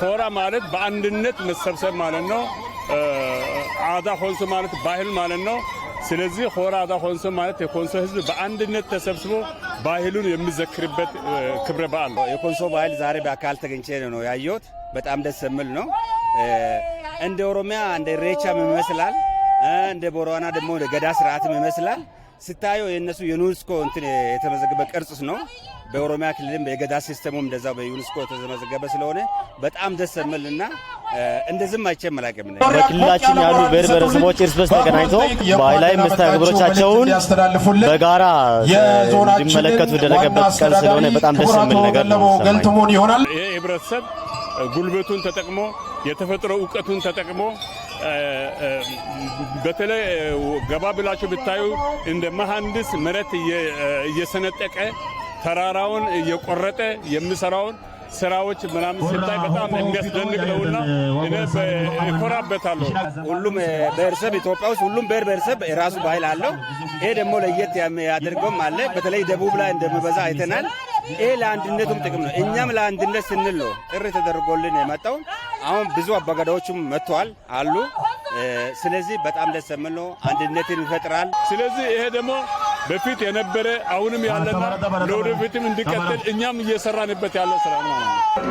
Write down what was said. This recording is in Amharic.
ኮራ ማለት በአንድነት መሰብሰብ ማለት ነው። አዳ ኮንሶ ማለት ባህል ማለት ነው። ስለዚህ ሆራ አዳ ኮንሶ ማለት የኮንሶ ህዝብ በአንድነት ተሰብስቦ ባህሉን የሚዘክርበት ክብረ በዓል ነው። የኮንሶ ባህል ዛሬ በአካል ተገኝቼ ነው ያየሁት። በጣም ደስ የሚል ነው። እንደ ኦሮሚያ እንደ ኢሬቻም ይመስላል፣ እንደ ቦረና ደግሞ ገዳ ስርዓትም ይመስላል። ስታየው የእነሱ የዩኒስኮ እንትን የተመዘገበ ቅርጽ ነው። በኦሮሚያ ክልልም የገዳ ሲስተሙም እንደዛ በዩኒስኮ የተመዘገበ ስለሆነ በጣም ደስ የሚልና እንደዚህም አይቼም አላውቅም። በክልላችን ያሉ ብሔር ብሔረሰቦች እርስ በርስ ተገናኝቶ ባህላዊ መስተጋብሮቻቸውን በጋራ እንዲመለከቱ ደረገበት ቀን ስለሆነ በጣም ደስ የሚል ነገር ነው። ይህ ህብረተሰብ ጉልበቱን ተጠቅሞ የተፈጥሮ እውቀቱን ተጠቅሞ በተለይ ገባ ብላችሁ ብታዩ እንደ መሐንዲስ መሬት እየሰነጠቀ ተራራውን እየቆረጠ የሚሰራውን ስራዎች ምናምን ሲታይ በጣም የሚያስደንቅ ነውና እኮራበታለሁ። ሁሉም ብሔረሰብ ኢትዮጵያ ውስጥ ሁሉም ብሔር ብሔረሰብ የራሱ ባህል አለው። ይሄ ደግሞ ለየት ያደርገውም አለ። በተለይ ደቡብ ላይ እንደሚበዛ አይተናል። ይሄ ለአንድነቱም ጥቅም ነው። እኛም ለአንድነት ስንል ነው ጥሪ ተደርጎልን የመጣውን አሁን ብዙ አባገዳዎችም መጥተዋል አሉ። ስለዚህ በጣም ደስ የሚል ነው፣ አንድነትን ይፈጥራል። ስለዚህ ይሄ ደግሞ በፊት የነበረ አሁንም ያለና ለወደፊትም እንዲቀጥል እኛም እየሰራንበት ያለ ስራ ነው።